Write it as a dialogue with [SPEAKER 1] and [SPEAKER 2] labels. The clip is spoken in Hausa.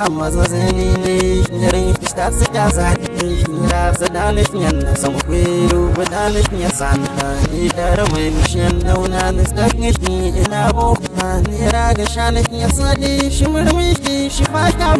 [SPEAKER 1] amazazini nere pista sika zani ra zadalif nyan sam kwiru badalif nyan san ni darwe launa nauna nisdak ni ina bo ni ra gashanik nyan sadi shimrwi shi faka